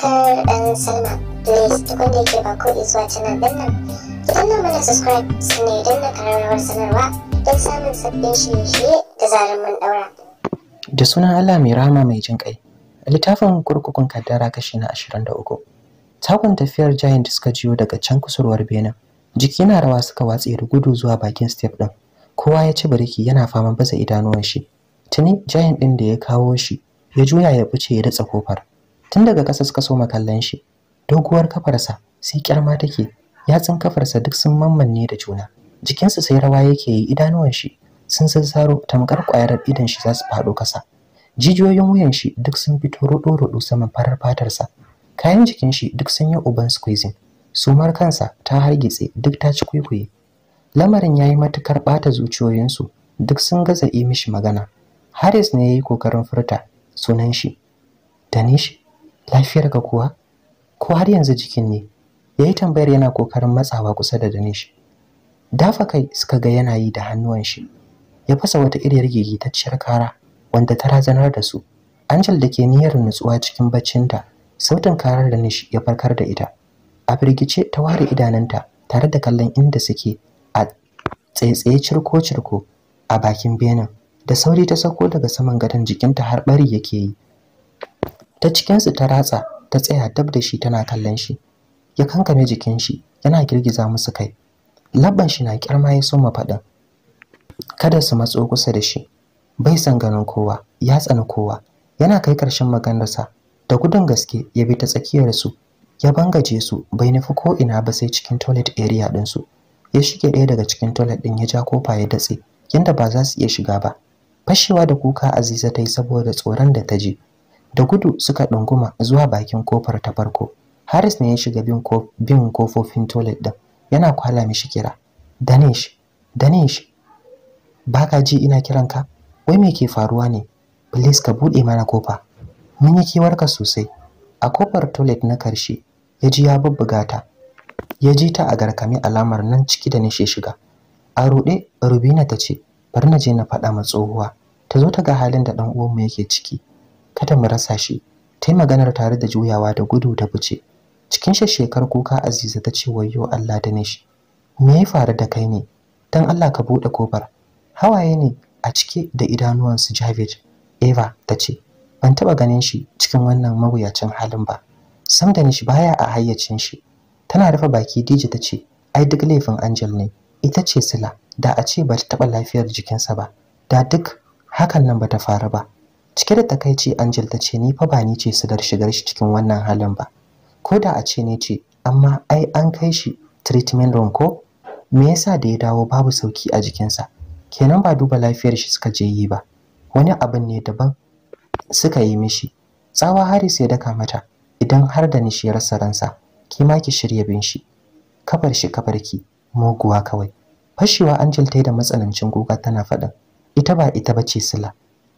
subscribe and sign up. Please da ba ko subscribe sanarwa don samun sabbin da sunan Allah mai rama mai jin kai. Littafin kurkukun kaddara kashi na 23. Takun tafiyar giant suka jiyo daga can kusurwar benin. Jiki na rawa suka watse da gudu zuwa bakin step din. Kowa ya ci biriki yana faman baza idanuwan shi. Tuni giant din da ya kawo shi ya juya ya fice ya datsa kofar. tun daga ƙasa suka so makallan shi doguwar kafarsa sai kyarma take yatsun kafarsa duk sun mammanne da juna jikinsa sai rawa yake yi idanuwan shi sun sassaro tamkar ƙwayar idan shi za su faɗo ƙasa jijiyoyin wuyan shi duk sun fito roɗo-roɗo saman farar fatarsa kayan jikin shi duk sun yi uban squeezing sumar kansa ta hargitse duk ta ci kwaikwaye lamarin ya yi matukar ɓata zuciyoyinsu duk sun gaza yi mishi magana haris ne ya yi kokarin furta sunan shi danish lafiyar ka kuwa ko har yanzu jikin ne Ya yi tambayar yana kokarin matsawa kusa da Danish dafa kai suka ga yana yi da hannuwan shi ya fasa wata iriyar gigitacciyar kara wanda ta razanar da su Angel da ke niyyar nutsuwa cikin baccinta sautin karar Danish ya farkar da ita a firgice ta ware idananta tare da kallon inda suke a tsaitsaye cirko-cirko a bakin benin da sauri ta sauko daga saman gadon jikinta har bari yake yi ta cikinsu ta ratsa ta tsaya dab da shi tana kallon shi ya kankame jikin shi yana girgiza musu kai labban shi na kirma ya soma faɗin kada su matso kusa da shi bai san ganin kowa ya tsani kowa yana kai ƙarshen maganarsa da gudun gaske ya bi ta tsakiyar su ya bangaje su bai nufi ko ina ba sai cikin toilet area din su. ya shige ɗaya daga cikin toilet ɗin ya ja kofa ya datse yanda ba za su iya shiga ba fashewa da kuka aziza ta yi saboda tsoron da ta ji da gudu suka ɗunguma zuwa bakin kofar ta farko Harris ne ya shiga bin kofofin toilet ɗin yana kwala mishi kira danish danish ba ka ji ina kiranka wai me ke faruwa ne please ka buɗe mana kofa mun yi kewarka sosai a kofar toilet na karshe ya ji ya bubbuga ta ya ji ta a garkami alamar nan ciki da nishe shiga a ruɗe rubina ta ce bari na je na faɗa ma tsohuwa ta zo ta ga halin da ɗan uwanmu yake ciki kada mu rasa shi ta yi maganar tare da juyawa da gudu da buce cikin shekar kuka aziza ta ce wayo allah da shi me ya faru da kai ne dan allah ka buɗe kofar hawaye ne a cike da idanuwan su javed eva ta ce ban taɓa ganin shi cikin wannan mawuyacin halin ba sam da nishi baya a hayyacin shi tana rufe baki dije ta ce ai duk laifin angel ne ita ce sila da a ce ba ta taɓa lafiyar jikinsa ba da duk hakan nan ba ta faru ba cike da takaici Angel ta ce ni fa ba ni ce su dar shigar shi cikin wannan halin ba ko da a ce ni ce amma ai an kai shi treatment room ko me yasa da ya dawo babu sauki a jikinsa kenan ba duba lafiyar shi suka je yi ba wani abin ne daban suka yi mishi tsawa Haris ya daka mata idan har da nishi ya rasa ransa ki ma ki shirya bin shi kafar shi ki muguwa kawai fashewa Angel ta yi da matsanancin kuka tana faɗin ita ba ita bace sila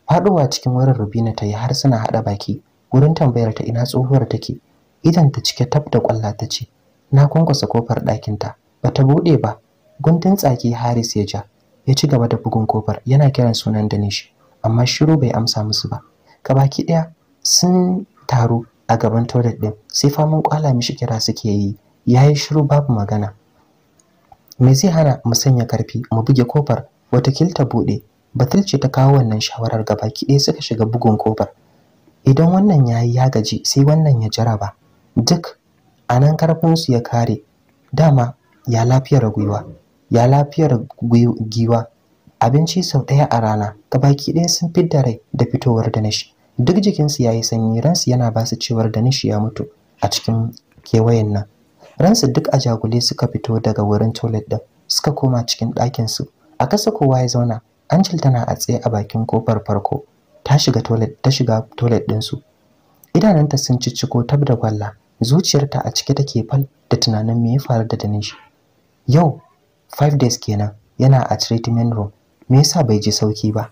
faduwa cikin wurin Rubina ta yi har suna hada baki wurin tambayar ta ina tsohuwar take idan ta cike tab da kwalla ta ce na kwankwasa kofar ɗakin ta bata bude ba guntun tsaki Haris ya ja ya ci gaba da bugun kofar yana kiran sunan Danish amma shiru bai amsa musu ba Ka baki daya sun taru a gaban toilet din sai faman kwala mishi kira suke yi yayi shiru babu magana me zai hana mu sanya karfi mu buge kofar watakil ta bude batul ce ta kawo wannan shawarar ga baki ɗaya suka shiga bugun kofar idan wannan ya yi ya gaji sai wannan ya jaraba duk a nan karfinsu ya kare dama ya lafiyar gwiwa ya lafiyar giwa abinci sau ɗaya a rana gabaki ɗaya sun fidda rai da fitowar da danish duk jikinsu ya yi sanyi ransu yana ba su cewar danish ya mutu a cikin kewayen nan ransu duk a jagule suka fito daga wurin toilet ɗin suka koma cikin ɗakinsu a kasa kowa ya zauna Angel tana a tsaye a bakin kofar farko ta shiga toilet ta shiga toilet din su idananta sun cicciko tab da kwalla zuciyarta a cike take fal da tunanin me ya faru da Danish yau 5 days kenan yana a treatment room me yasa bai ji sauki ba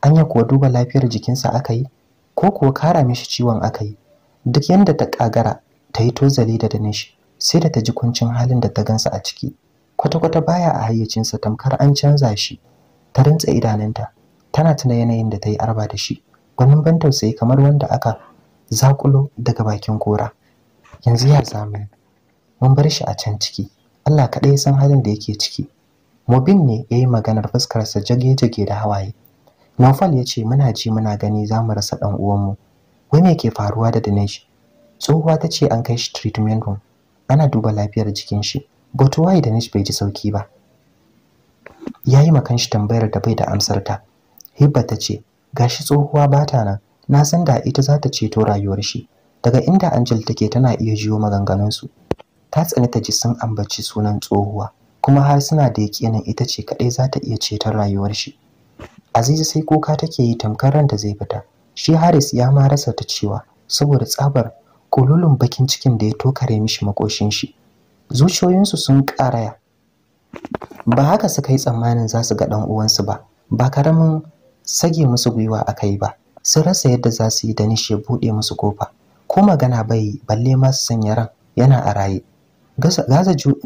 anya kuwa duba lafiyar jikinsa aka yi ko kuwa kara mishi ciwon aka yi duk yanda ta kagara ta yi tozali da Danish sai da ta ji kuncin halin da ta gansa a ciki kwata-kwata baya a hayyacinsa tamkar an canza shi ta rintsa idanunta tana tuna yanayin da ta yi arba da shi gwanin ban tausayi kamar wanda aka zakulo daga bakin kora yanzu ya zamu mun bar shi a can ciki Allah kaɗai san halin da yake ciki Mobin ne ya yi maganar fuskarsa jage-jage da hawaye Naufal ya ce muna ji muna gani za mu rasa ɗan uwanmu wai me ke faruwa da Dinesh tsohuwa ta ce an kai shi treatment room ana duba lafiyar jikin shi but why Dinesh bai ji sauki ba ya yi makan shi tambayar da bai da amsar ta hibba ta ce gashi tsohuwa bata nan na san da ita za ta ceto rayuwar shi daga inda Angel take tana iya jiyo maganganun su ta tsani ta ji sun ambaci sunan tsohuwa kuma har suna da yakinin ita ce kadai za ta iya ceton rayuwar shi azizi sai kuka take yi tamkar ranta zai fita shi Haris ya ma rasa ta cewa saboda tsabar kululun bakin cikin da ya tokare mishi makoshin shi zuciyoyinsu sun karaya ba haka suka yi tsammanin za su ga ɗan uwansu ba ba karamin sage musu gwiwa a kai ba sun rasa yadda za su yi da nishe buɗe musu kofa ko magana bai balle ma su sanya ran yana a raye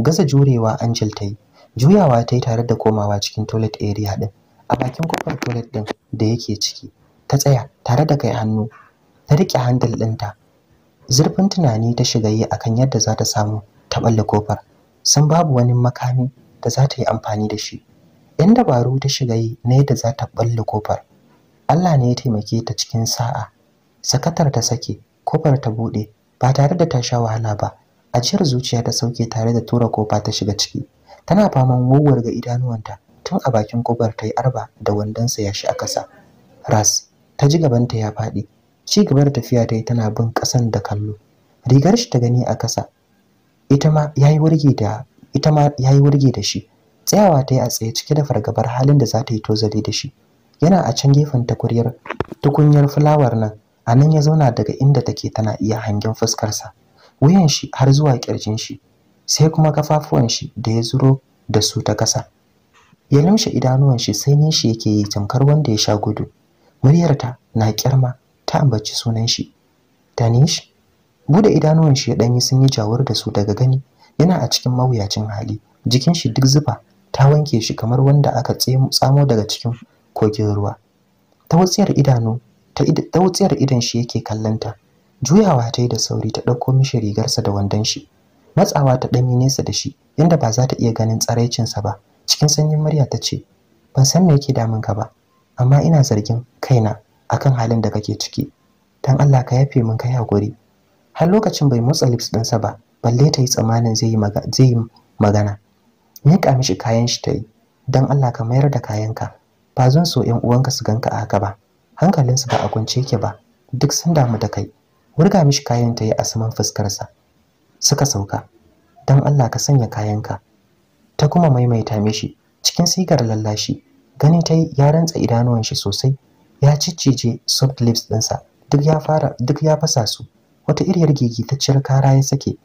gaza jurewa Angel ta yi juyawa ta yi tare da komawa cikin toilet area ɗin, a bakin kofar toilet ɗin da yake ciki ta tsaya tare da kai hannu ta riƙe handle ɗinta zurfin tunani ta shiga yi akan yadda za ta samu ta balle kofar sun babu wani makami da za ta yi amfani da shi in dabaru ta shiga yi na da za ta balle kofar Allah ne ya taimake ta cikin sa'a sakatar ta sake kofar ta bude ba tare da ta sha wahala ba ajiyar zuciya ta sauke tare da tura kofa ta shiga ciki tana faman ga idanuwanta tun a bakin kofar ta yi arba da wandonsa ya shi a ƙasa ras ta ji gabanta ya faɗi ci gaba da tafiya ta yi tana bin ƙasan da kallo rigar shi ta gani a ƙasa ita ma ya yi wurgi da ita ma ya yi wurge da shi tsayawa ta yi a tsaye cike da fargabar halin da za ta yi tozali da shi yana a can gefen takuryar tukunyar fulawar nan a nan ya zauna daga inda take tana iya hangen fuskarsa wuyan shi har zuwa kirjin shi sai kuma kafafuwan shi da ya zuro da su ta kasa ya lumshe idanuwan shi sai ne shi yake yi tamkar wanda ya sha gudu muryarta na kirma ta ambaci sunan shi danish bude idanuwan shi ya danyi sun yi jawar da su daga gani yana a cikin mawuyacin hali jikin shi duk zufa ta wanke shi kamar wanda aka tsamo daga cikin kogin ruwa ta wutsiyar idanu ta wutsiyar idan shi yake kallanta juyawa ta yi da sauri ta ɗauko mishi rigarsa da wandon shi matsawa ta ɗanyi nesa da shi yadda ba za ta iya ganin tsaraicinsa ba cikin sanyin murya ta ce ban san me yake damun ka ba amma ina zargin kaina akan halin da kake ciki dan Allah ka yafe min kai hakuri har lokacin bai motsa lips ɗinsa ba balle ta yi tsammanin zai yi magana miƙa mishi kayan shi ta yi don Allah ka mayar da kayanka ba zan so 'yan uwanka su ganka a haka ba hankalinsu ba a kwance yake ba duk sun mu da kai wurga mishi kayan ta yi a saman fuskarsa suka sauka don Allah ka sanya kayanka ta kuma maimaita mishi cikin sigar lallashi gani ta yi ya rantsa idanuwan shi sosai ya ciccije soft lips ɗinsa duk ya fara duk ya fasa su wata iriyar gigitacciyar kara ya sake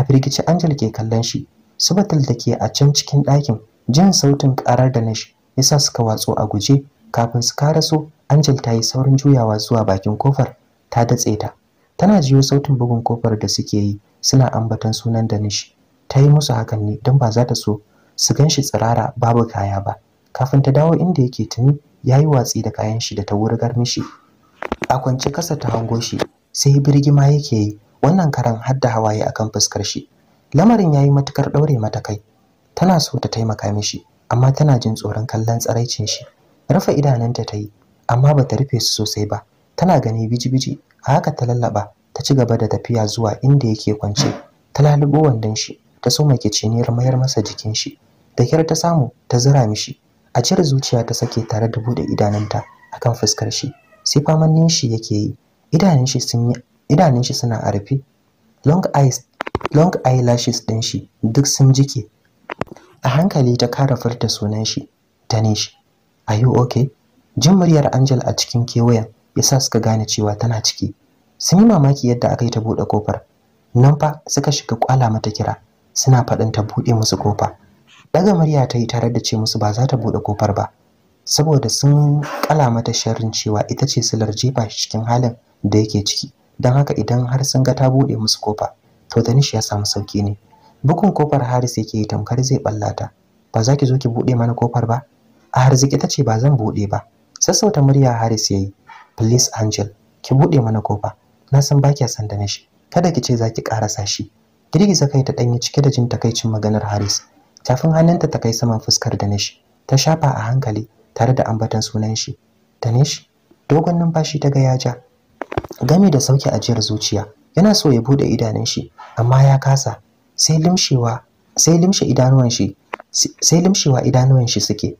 a firgici Angel ke kallon shi Subatul da ke a can cikin ɗakin jin sautin karar da nashi sa suka watso a guje kafin su karaso Angel ta yi saurin juyawa zuwa bakin kofar ta datse ta tana jiyo sautin bugun kofar da suke yi suna ambaton sunan da Danish ta yi musu hakan ne don ba za ta so su ganshi tsirara babu kaya ba kafin ta dawo inda yake tuni ya yi watsi da kayan shi da ta wurgar mishi a kwance kasa ta hango shi sai birgima yake yi wannan karan har da hawaye akan fuskar shi lamarin yayi matukar daure mata kai tana so ta taimaka mishi amma tana jin tsoron kallon tsaraicin shi rufe idananta ta yi amma bata rufe su sosai ba tana gani biji-biji a haka ta lallaba ta ci gaba da tafiya zuwa inda yake kwance ta lalubo wandon shi ta so make ciniyar mayar masa jikin shi da kyar ta samu ta zura mishi a cire zuciya ta sake tare da bude idananta akan fuskar shi sai famannin shi yake yi idanun shi sun yi idanun shi suna a rufe long eyes long eyelashes din shi duk sun jike a hankali ta kara furta sunan shi Danish are you okay jin muryar Angel a cikin kewayen yasa suka gane cewa tana ciki sun yi mamaki yadda aka yi ta bude kofar nan fa suka shiga kwala mata kira suna faɗin ta buɗe musu kofa daga murya ta yi tare da ce musu ba za ta bude kofar ba saboda sun kala mata sharrin cewa ita ce silar jefa shi cikin halin da yake ciki don haka idan har sun ga ta buɗe musu kofa to danish ya samu sauki ne Bukun kofar haris yake yi tamkar zai ballata ba za ki zo ki buɗe mana kofar ba a harziki ta ce ba zan buɗe ba sassauta murya haris ya yi please angel ki buɗe mana kofa na san ba kya san danish kada ki ce za ki karasa shi girgiza kai ta danyi cike da jin takaicin maganar haris tafin hannunta ta kai saman fuskar danish ta shafa a hankali tare da ambatan sunan shi danish dogon numfashi ta ga yaja. gami da sauke ajiyar zuciya yana so ya bude idanun shi amma ya kasa sai limshewa sai limshe idanuwan shi sai limshewa idanuwan shi suke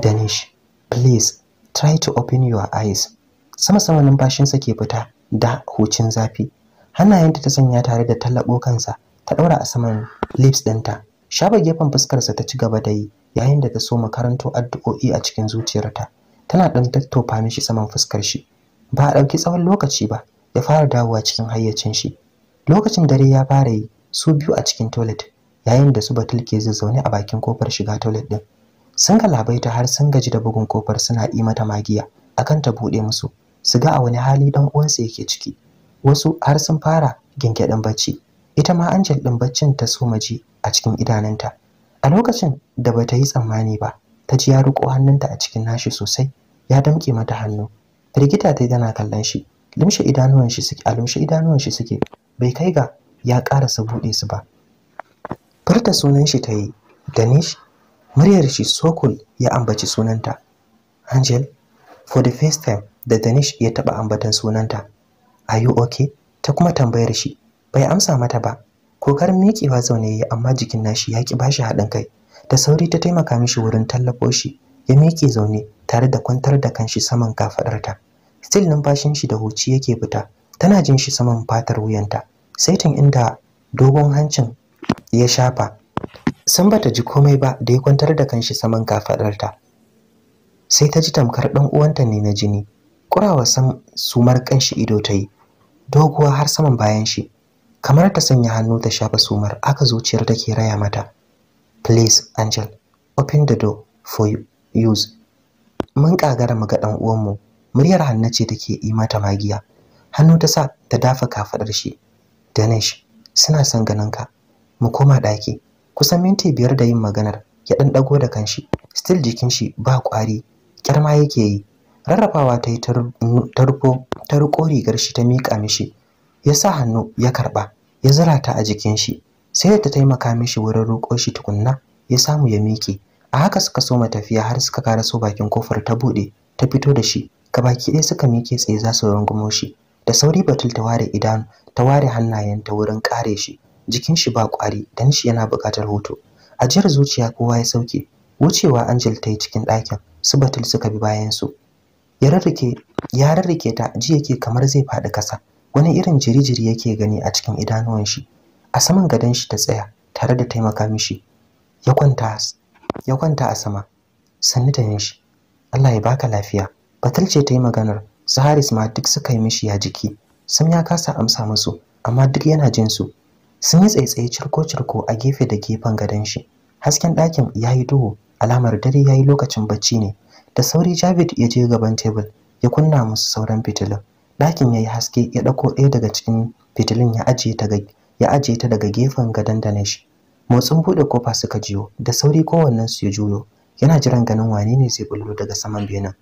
danish please try to open your eyes sama sama numfashin sa ke fita da hucin zafi hannayenta ta sanya tare da tallabo kansa ta daura a saman lips ɗinta shafa gefen fuskarsa ta ci gaba da yi yayin da ta so makaranto addu'o'i a cikin zuciyarta tana dan tattofa mishi saman fuskar shi ba a ɗauki tsawon lokaci ba ya fara dawowa cikin hayyacin shi lokacin dare ya fara yi su biyu a cikin toilet yayin da su batul ke zazzaune a bakin kofar shiga toilet din sun labaita har sun gaji da bugun kofar suna yi mata magiya akan ta buɗe musu su ga a wani hali dan uwansa yake ciki wasu har sun fara gingiɗin bacci ita ma Angel din baccin ta so ji a cikin idanunta a lokacin da bata yi tsammani ba ta ji ya riko hannunta a cikin nashi sosai ya damke mata hannu rigita ta tana kallon shi lumshe idanuwan shi suke a lumshe idanuwan shi suke bai kai ga ya karasa buɗe su ba furta sunan shi ta yi danish muryar shi sokul ya ambaci sunanta angel for the first time da danish ya taɓa ambatan sunanta are you okay ta kuma tambayar shi bai amsa mata ba kokarin miƙewa zaune yayi amma jikin nashi ya ki bashi haɗin kai da sauri ta taimaka mishi wurin tallafo shi ya miƙe zaune tare da kwantar da kanshi saman kafadarta still numfashin shi da huci yake fita tana jin shi saman fatar wuyanta saitin inda dogon hancin ya shafa san bata ji komai ba da ya kwantar da kanshi saman kafadarta sai ta ji tamkar dan uwanta ne na jini kurawa san sumar kanshi ido ta yi doguwa har saman bayan shi kamar ta sanya hannu ta shafa sumar aka zuciyar take raya mata please angel open the door for use mun kagara muga dan uwanmu muryar hannu ce take yi mata magiya hannu ta sa ta dafa kafadar shi danish suna son ganin ka mu koma daki kusan minti biyar da yin maganar ya dan dago da kanshi still jikin shi ba kwari kyarma yake yi rarrafawa ta yi ta riko rigar shi ta miƙa mishi ya sa hannu ya karɓa ya zura ta a jikin shi sai da ta taimaka mishi wurin roƙo shi tukunna ya samu ya miƙe a haka suka soma tafiya har suka kara so bakin kofar ta bude ta fito da shi Ka baki ɗaya suka mike tsaye za su rungumo shi da sauri batul ta ware idanu ta ware hannayen ta wurin kare shi jikin shi ba kwari dan shi yana buƙatar A jiyar zuciya kowa ya sauke wucewa angel ta yi cikin ɗakin su batul suka bi bayan su ya rarrike ta ji yake kamar zai faɗi ƙasa wani irin jiri-jiri yake gani a cikin idanuwan shi a saman gadon shi ta tsaya tare da taimaka mishi ya kwanta ya kwanta a sama sannu da nishi Allah ya baka lafiya batul ce ta yi maganar su haris ma duk suka yi mishi ya jiki Sun ya kasa amsa musu amma duk yana jin su sun yi tsaitsaye cirko-cirko a gefe da gefen gadon shi hasken ɗakin ya yi duhu alamar dare ya yi lokacin bacci ne da sauri javid ya je gaban tebul ya kunna musu sauran fitilun ɗakin ya yi haske ya ɗauko ɗaya daga cikin fitilun ya ajiye ta daga gefen gadon da na shi motsin bude kofa suka jiyo da sauri kowannen su ya juyo yana jiran ganin wane ne zai bullo daga saman benen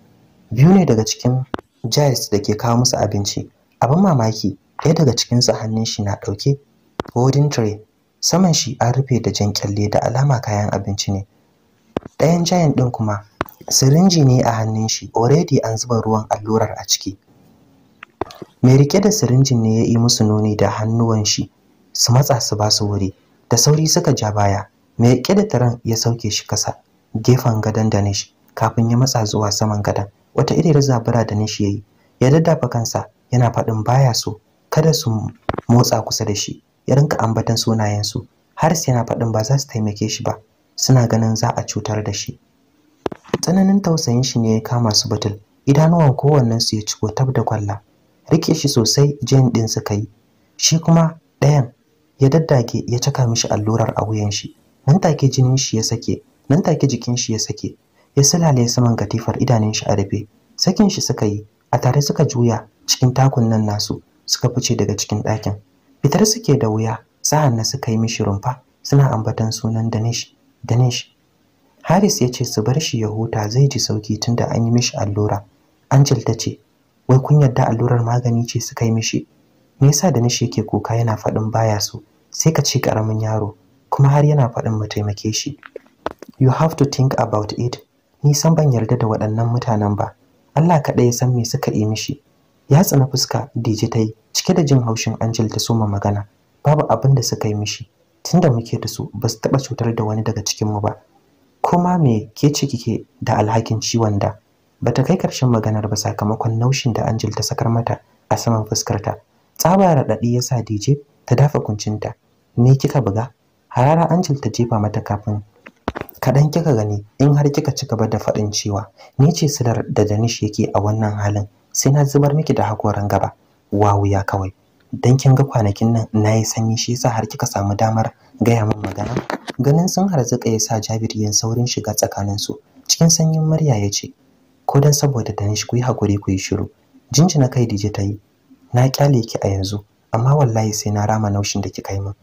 biyu ne daga cikin giants da ke kawo musu abinci abin mamaki ɗaya daga cikin su hannun shi na ɗauke holding tray saman shi an rufe da jan kyalle da alama kayan abinci ne ɗayan giant ɗin kuma sirinji ne a hannun shi already an zuba ruwan allurar a ciki mai rike da sirinjin ne ya yi musu nuni da hannuwan shi su matsa su ba su wuri da sauri suka ja baya mai rike da taron ya sauke shi kasa gefen gadon danish kafin ya matsa zuwa saman gadon wata irin zabura danish yayi ya daddafa kansa yana faɗin baya so kada su motsa kusa da shi ya rinka ambatan sunayensu har sai yana faɗin ba za su taimake shi ba suna ganin za a cutar da shi tsananin tausayin shi ne ya kama su batul idanuwan kowannen su ya ciko tab da kwalla rike shi sosai jin ɗin suka yi shi kuma ɗayan ya daddake ya caka mishi allurar a wuyan shi nan take jinin shi ya sake nan take jikin shi ya sake ya sulale saman katifar idanun shi a rufe sakin shi suka yi a tare suka juya cikin takun nan nasu suka fice daga cikin ɗakin fitar suke da wuya sa'an na suka yi mishi rumfa suna ambatan sunan Danish Danish Haris ya ce su bar shi ya huta zai ji sauki tunda an yi mishi allura Angel ta ce wai kun yarda allurar magani ce suka yi mishi me yasa Danish yake kuka yana faɗin baya so sai ka ci karamin yaro kuma har yana faɗin mu taimake shi you have to think about it ni san ban yarda da waɗannan mutanen ba Allah kaɗai ya san me suka yi mishi ya tsana fuska Dije ta cike da jin haushin Angel ta soma magana babu abin da suka yi mishi tunda muke da su ba su taɓa cutar da wani daga cikin mu ba kuma me ke ci kike da alhakin ciwon da bata kai karshen maganar ba sakamakon naushin da Angel ta sakar mata a saman fuskarta tsaba raɗaɗi sa Dije ta dafa kuncinta Ni kika buga harara Angel ta jefa mata kafin kaɗan kika gani in har kika ci gaba da faɗin cewa ni ce silar da Danish yake a wannan halin sai na zubar miki da hakoran gaba wawu ya kawai dan kin ga kwanakin nan nayi sanyi shi yasa har kika samu damar gaya min magana ganin sun harzuka yasa Jabir yin saurin shiga tsakanin su cikin sanyin murya ya ce ko dan saboda Danish ku yi hakuri ku yi shiru jinjina kai dije ta yi na kyale ki a yanzu amma wallahi sai na rama naushin da kika yi min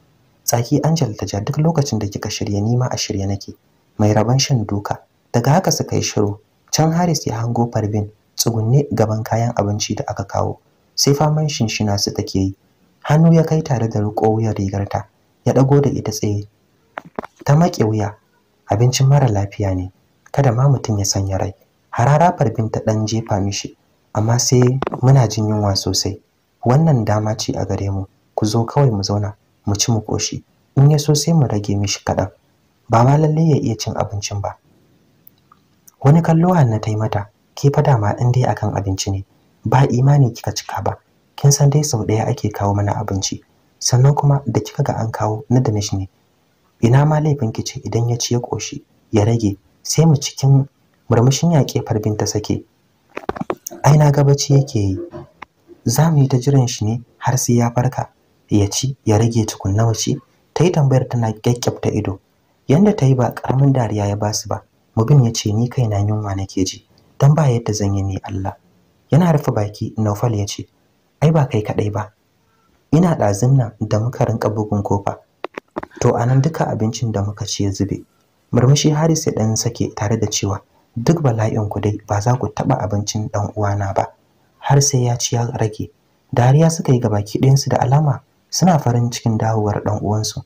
tsaki Angel ta ja duk lokacin da kika shirye ni ma a shirye nake mai raban shan duka daga haka suka yi shiru can Haris ya hango Parvin tsugunne gaban kayan abinci da aka kawo sai faman shinshina su take yi hannu ya kai tare da riko wuyar rigarta ya dago da ita tsaye ta make wuya abincin mara lafiya ne kada ma mutum ya sanya rai harara Parvin ta dan jefa mishi amma sai muna jin yunwa sosai wannan dama ce a gare mu ku zo kawai mu zauna mu ci mu koshi in ya so sai mu rage mishi kaɗan ba ma lalle ya iya cin abincin ba wani kallo Hanna ta yi mata ke fa ma din dai akan abinci ne ba imani kika cika ba kin san dai sau ɗaya ake kawo mana abinci sannan kuma da kika ga an kawo na da danish ne ina ma laifin ki ce idan ya ci ya koshi ya rage sai mu cikin murmushin yaƙe farbin ta sake ai na gabaci yake yi za mu yi ta jiran shi ne har sai ya farka ya ci ya rage tukunna wace ta yi tambayar tana kyakkyafta ido yanda ta yi ba karamin dariya ya basu ba mubin ya ce ni kaina yunwa nake ji dan ba yadda zan yi ni Allah yana rufe baki Naufal ya ce ai ba kai kadai ba ina ɗazun nan da muka rinka bugun kofa to anan duka abincin da muka ci ya zube murmushi Haris ya dan sake tare da cewa duk bala'in ku dai ba za ku taba abincin dan uwana ba har sai ya ci ya rage dariya suka yi gabaki ɗayansu da alama suna farin cikin dawowar ɗan uwansu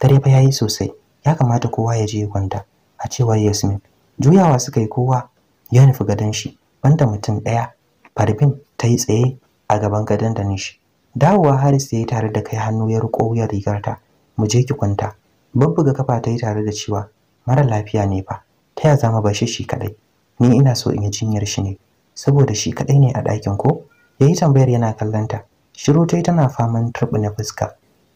dare fa yayi sosai ya kamata kowa ya je kwanta a cewar Yasmin juyawa suka yi kowa ya nufi gadon shi banda mutum ɗaya Farbin ta yi tsaye a gaban gadon da nishi dawowa Haris ya yi tare da kai hannu ya riko wuyar rigarta mu je ki kwanta babbuga kafa ta yi tare da cewa mara lafiya ne fa ta ya zama bashi shi kaɗai? ni ina so in yi jinyar shi ne saboda shi kaɗai ne a ɗakin ko yayi tambayar yana kallanta Shiru tai tana faman na fuska.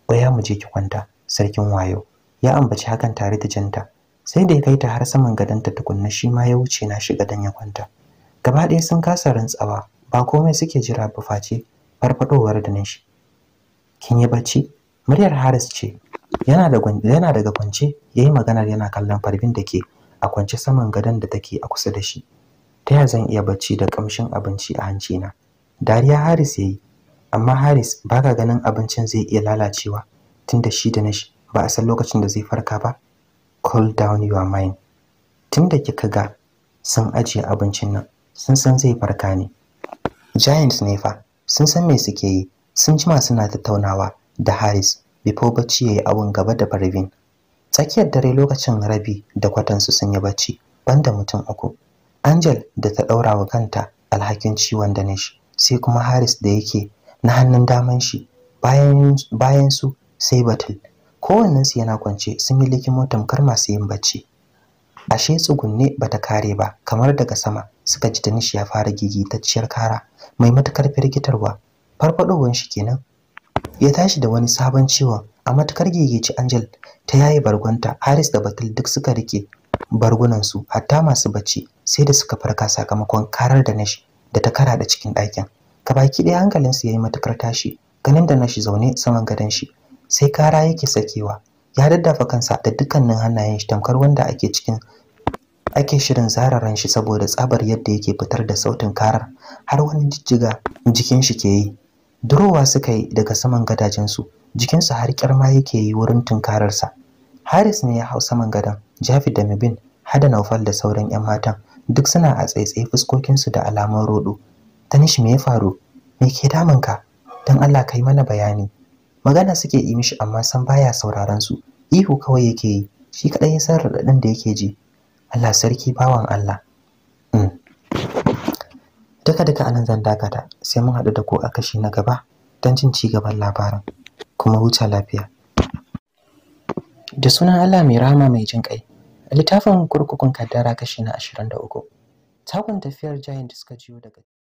Oya mu je ki kwanta, sarkin wayo. Ya ambaci hakan tare da janta. Sai da ya kai ta har saman gadonta tukunna shi ma ya wuce na shiga dan ya kwanta. Gaba ɗaya sun kasa rantsawa, ba komai suke jira ba face farfadowar da nishi. Kin yi bacci? Muryar Haris ce. Yana da yana daga kwance, yayi maganar yana kallon farbin da ke a kwance saman gadon da take a kusa da shi. Ta ya zan iya bacci da kamshin abinci a hanci na? Dariya Haris yayi amma Haris ba ka ganin abincin zai iya lalacewa tunda shi da nashi ba a san lokacin da zai farka ba Call down your mind tunda kika ga sun ajiye abincin nan sun san zai farka ne Giants ne fa sun san me suke yi sun jima suna tattaunawa da Haris before bacci yi abun gaba da Parvin tsakiyar dare lokacin rabi da kwatansu sun yi bacci banda mutum uku Angel da ta ɗaura wa kanta alhakin ciwon da nashi sai kuma Haris da yake na hannun daman shi bayan su sai batul kowannensu yana kwance sun yi likimo kar masu yin bacci ashe tsugunne bata kare ba kamar daga sama suka ji tanishi ya fara gigitacciyar kara mai matukar firgitarwa farfadowar shi kenan ya tashi da wani sabon ciwon a matukar gigici Angel ta yayi bargonta Haris da Batul duk suka rike bargunan su hatta masu bacci sai da suka farka sakamakon karar da nashi da ta kara da cikin ɗakin baki ɗaya hankalinsu ya yi matukar tashi ganin da na shi zaune saman gadon shi sai kara yake sakewa ya daddafa kansa da dukkanin hannayen shi tamkar wanda ake cikin ake shirin zararan shi saboda tsabar yadda yake fitar da sautin karar har wani jijjiga jikin shi ke yi durowa suka yi daga saman gadajen jikin jikinsu har kyarma yake yi wurin sa haris ne ya hau saman gadon jafi da mubin hada naufal da sauran 'yan matan duk suna a tsaitsaye fuskokinsu da alamun rodo Tanishi me ya faru? Me ke damun ka? Dan Allah kai mana bayani. Magana suke yi mishi amma san baya sauraron su. Ihu kawai yake yi. Shi kadai ya san radadin da yake ji. Allah sarki bawan Allah. Mm. daka duka anan zan dakata sai mun haɗu da ko a kashi na gaba don jin ci gaban labarin. Kuma huta lafiya. Da sunan Allah mai rama mai jin kai. Littafin kurkukun kaddara kashi na 23. Takun tafiyar giant suka jiyo daga